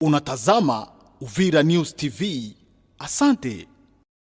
Unatazama Uvira News TV. Asante.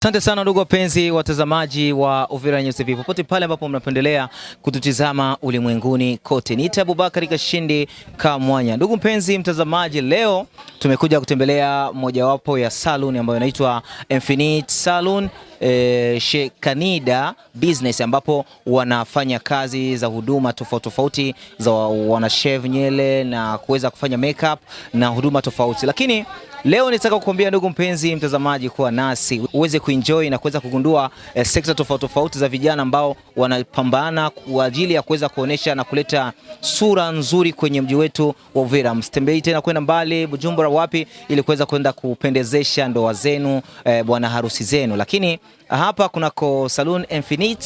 Asante sana ndugu wapenzi watazamaji wa Uvira News TV popote pale ambapo mnapendelea kututizama ulimwenguni kote, niita Abubakari Kashindi Kamwanya. Ndugu mpenzi mtazamaji, leo tumekuja kutembelea mojawapo ya saluni ambayo inaitwa Infinite Salon E, Shekanida Business ambapo wanafanya kazi za huduma tofauti tofauti za wanashave nyele na kuweza kufanya makeup na huduma tofauti, lakini Leo nitaka kukuambia ndugu mpenzi mtazamaji, kuwa nasi uweze kuenjoy na kuweza kugundua eh, sekta tofauti tofauti za vijana ambao wanapambana kwa ajili ya kuweza kuonesha na kuleta sura nzuri kwenye mji wetu wa Uvira. Msitembei tena kwenda mbali Bujumbura wapi, ili kuweza kwenda kupendezesha ndoa zenu eh, bwana harusi zenu, lakini hapa kunako Salon Infinite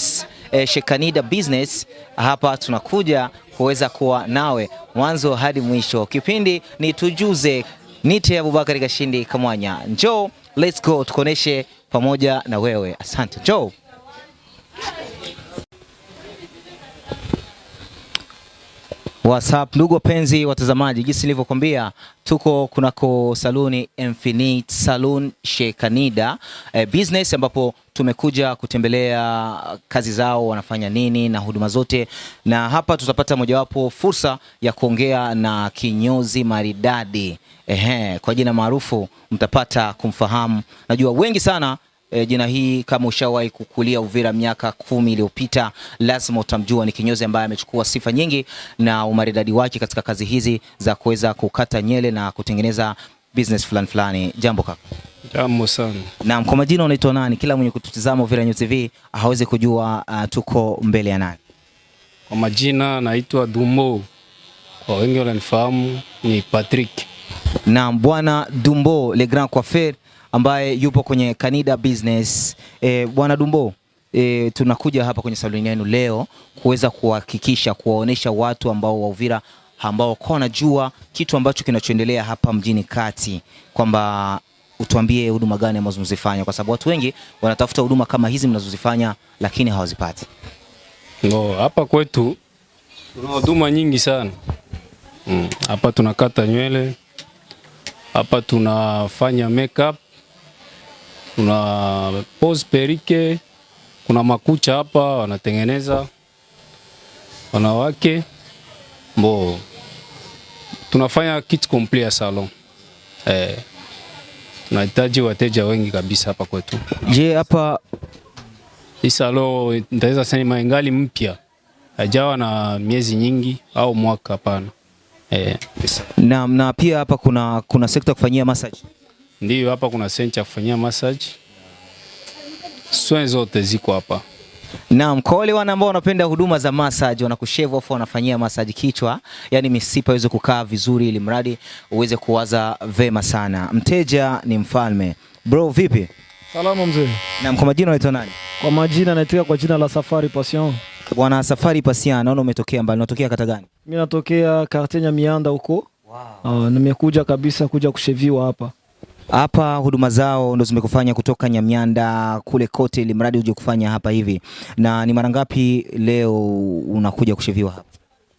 eh, Shekanida Business hapa tunakuja kuweza kuwa nawe mwanzo hadi mwisho. Kipindi ni tujuze Nite Abubakari Kashindi Kamwanya, njoo let's go tukoneshe pamoja na wewe. Asante, njoo. WhatsApp ndugu wapenzi watazamaji, jinsi nilivyokuambia, tuko kunako saluni Infinite Salon Shekanida e, eh, business ambapo tumekuja kutembelea kazi zao, wanafanya nini na huduma zote, na hapa tutapata mojawapo fursa ya kuongea na kinyozi maridadi ehe, kwa jina maarufu mtapata kumfahamu, najua wengi sana E, jina hii kama ushawahi kukulia Uvira miaka kumi iliyopita lazima utamjua. Ni kinyozi ambaye amechukua sifa nyingi na umaridadi wake katika kazi hizi za kuweza kukata nyele na kutengeneza business fulani fulani. Jambo kaka. Jambo sana. Naam, kwa majina unaitwa nani? Kila mwenye kututizama Uvira News TV hawezi kujua uh, tuko mbele ya nani. Kwa majina naitwa Dumbo, kwa wengi wananifahamu ni Patrick. Naam, bwana Dumbo le grand coiffeur ambaye yupo kwenye Kanida Business. E, Bwana Dumbo E, tunakuja hapa kwenye saluni yenu leo kuweza kuhakikisha kuwaonesha watu ambao wa Uvira ambao kwa wanajua kitu ambacho kinachoendelea hapa mjini kati, kwamba utuambie huduma gani ambazo mzifanya, kwa sababu watu wengi wanatafuta huduma kama hizi mnazozifanya lakini hawazipati. No, hapa kwetu tuna huduma nyingi sana mm, hapa. Mm, tunakata nywele hapa, tunafanya makeup kuna pose perike, kuna makucha hapa wanatengeneza wanawake mbo, tunafanya kit complet ya salon eh, tunahitaji wateja wengi kabisa hapa kwetu. Je, hapa hii salon nitaweza sema ingali mpya, hajawa na miezi nyingi au mwaka? Hapana. Eh, na, Na pia hapa kuna, kuna sekta kufanyia massage Ndiyo, hapa kuna senta ya kufanyia massage. Swen zote ziko hapa. Naam, kwa wale wana ambao wanapenda huduma za massage, wanakushave off, wanafanyia massage kichwa, yani misipa iweze kukaa vizuri, ili mradi uweze kuwaza vema sana. Mteja ni mfalme. Bro, vipi? Salamu mzee. Naam, kwa majina unaitwa nani? Kwa majina naitwa kwa jina la Safari Passion. Bwana Safari Passion, naona umetokea mbali. Unatokea kata gani? Mimi natokea Kartenya Mianda huko. Wow. Uh, nimekuja kabisa kuja kusheviwa hapa. Hapa huduma zao ndo zimekufanya kutoka Nyamyanda kule kote, ili mradi uje kufanya hapa hivi. Na ni mara ngapi leo unakuja kushiviwa hapa?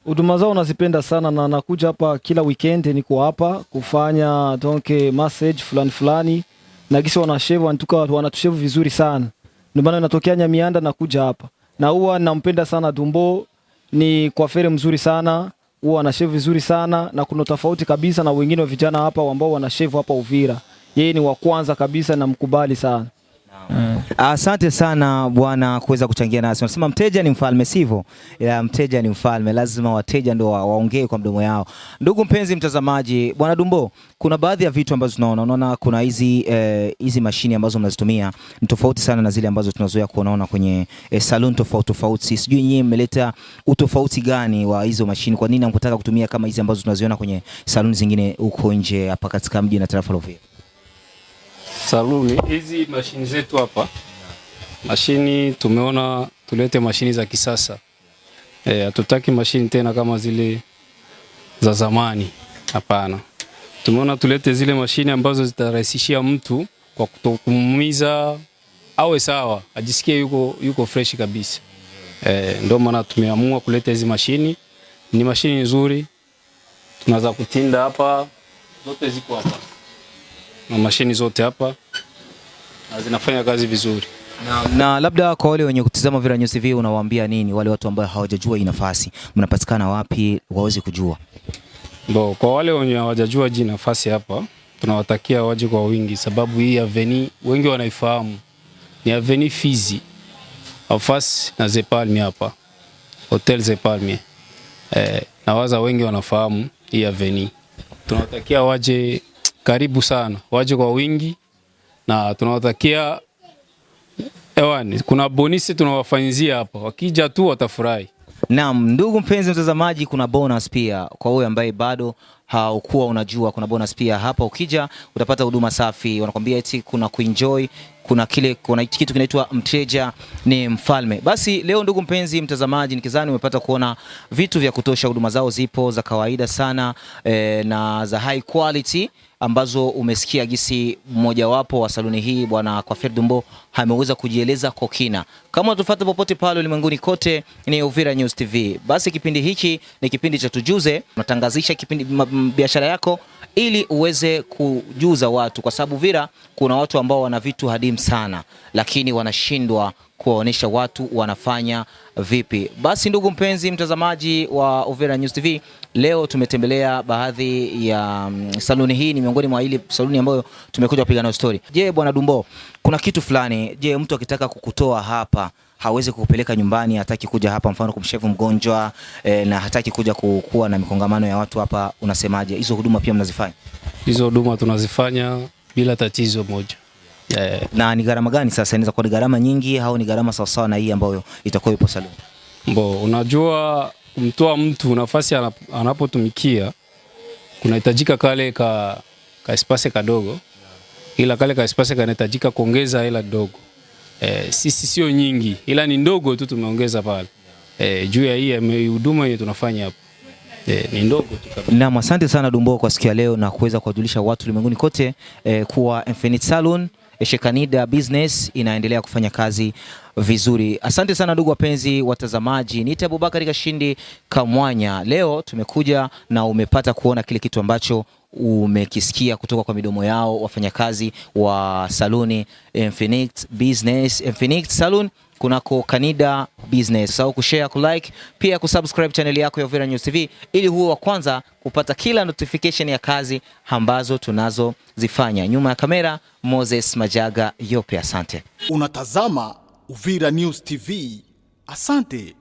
Huduma zao nazipenda sana na nakuja hapa kila weekend, niko hapa kufanya donke massage fulani fulani, na kisha wanashevu antuka wanatushevu vizuri sana, ndio maana natokea Nyamianda nakuja hapa, na huwa nampenda sana Dumbo, ni kwa fere mzuri sana huwa anashevu vizuri sana, na kuna tofauti kabisa na wengine wa vijana hapa ambao wanashevu hapa Uvira yeye ni wa kwanza kabisa, na mkubali sana. Mm. Asante sana bwana kuweza kuchangia nasi. Unasema mteja ni mfalme, sivyo? Mteja ni mfalme, lazima wateja ndio waongee kwa mdomo yao. Ndugu mpenzi mtazamaji, bwana Dumbo, kuna baadhi ya vitu ambazo tunaona, unaona kuna hizi eh, hizi eh, mashine ambazo mnazitumia ni tofauti sana na zile ambazo tunazoea kuonaona kwenye eh, salon tofauti tofauti. Sijui nyinyi mmeleta utofauti gani wa hizo mashine? Kwa nini hamkutaka kutumia kama hizi ambazo tunaziona kwenye salon zingine huko nje hapa katika mji na tarafa la Uvira? saluni. Hizi mashini zetu hapa, mashini tumeona tulete mashini za kisasa. E, hatutaki e, mashini tena kama zile za zamani, hapana. Tumeona tulete zile mashini ambazo zitarahisishia mtu kwa kutokumumiza, awe sawa, ajisikie yuko, yuko fresh kabisa. E, ndio maana tumeamua kuleta hizi mashini. Ni mashini nzuri, tunaweza kutinda hapa, zote ziko hapa na mashini zote hapa na zinafanya kazi vizuri. Na, na labda kwa wale wenye kutizama Vira News TV unawaambia nini wale watu ambao hawajajua hii nafasi, mnapatikana wapi waweze kujua? Bo, kwa wale wenye hawajajua hii nafasi hapa tunawatakia waje kwa wingi, sababu hii aveni wengi wanaifahamu ni aveni Fizi afasi na Zepalmi hapa Hotel Zepalmi eh, nawaza wengi wanafahamu hii aveni, tunawatakia waje karibu sana, waje kwa wingi na tunawatakia hewani. Kuna bonisi tunawafanyizia hapa, wakija tu watafurahi. Naam, ndugu mpenzi mtazamaji, kuna bonus pia kwa wewe ambaye bado haukuwa unajua, kuna bonus pia hapa. Ukija utapata huduma safi, wanakwambia eti kuna kuenjoy, kuna kile, kuna kitu kinaitwa mteja ni mfalme. Basi leo, ndugu mpenzi mtazamaji, nikizani umepata kuona vitu vya kutosha. Huduma zao zipo za kawaida sana e, na za high quality ambazo umesikia gisi mmojawapo wa saluni hii bwana Kwafir Dumbo ameweza kujieleza kwa kina. Kama unatufuata popote pale ulimwenguni kote, ni Uvira News TV. Basi kipindi hiki ni kipindi cha tujuze, unatangazisha kipindi biashara yako ili uweze kujuza watu, kwa sababu Uvira kuna watu ambao wana vitu hadimu sana, lakini wanashindwa kuwaonesha watu wanafanya vipi. Basi ndugu mpenzi mtazamaji wa Uvira News TV, leo tumetembelea baadhi ya mm, saluni. Hii ni miongoni mwa ile saluni ambayo tumekuja kupiga nayo story. Je, bwana Dumbo, kuna kitu fulani, je, mtu akitaka kukutoa hapa hawezi kukupeleka nyumbani, hataki kuja hapa, mfano kumshevu mgonjwa e, na hataki kuja kukuwa na mikongamano ya watu hapa, unasemaje? Hizo huduma pia mnazifanya? Hizo huduma tunazifanya bila tatizo moja yeah. Na ni gharama gani sasa, inaweza kuwa ni gharama nyingi au ni gharama sawasawa na hii ambayo itakuwa ipo saluni? Mbo, unajua kumtoa mtu nafasi anapotumikia kunahitajika kale ka ka kaspase kadogo, ila kale ka kaspase kanahitajika kuongeza hela dogo. E, eh, sisi sio nyingi, ila ni ndogo tu tumeongeza pale e, juu ya hii huduma yenye tunafanya hapa. E, eh, ni ndogo tu kabisa. Naam, asante sana Dumbo kwa siku ya leo na kuweza kuwajulisha watu ulimwenguni kote e, kuwa Infinite Salon Shekanida Business inaendelea kufanya kazi vizuri. Asante sana ndugu wapenzi watazamaji, niite abubakar Kashindi Kamwanya. Leo tumekuja na umepata kuona kile kitu ambacho umekisikia kutoka kwa midomo yao wafanyakazi wa saluni Infinite Business, Infinite Salon kunako Kanida Business au kushare, kulike, pia kusubscribe chaneli yako ya Uvira News TV ili huo wa kwanza kupata kila notification ya kazi ambazo tunazozifanya. Nyuma ya kamera Moses Majaga Yope, asante. Unatazama Uvira News TV, asante.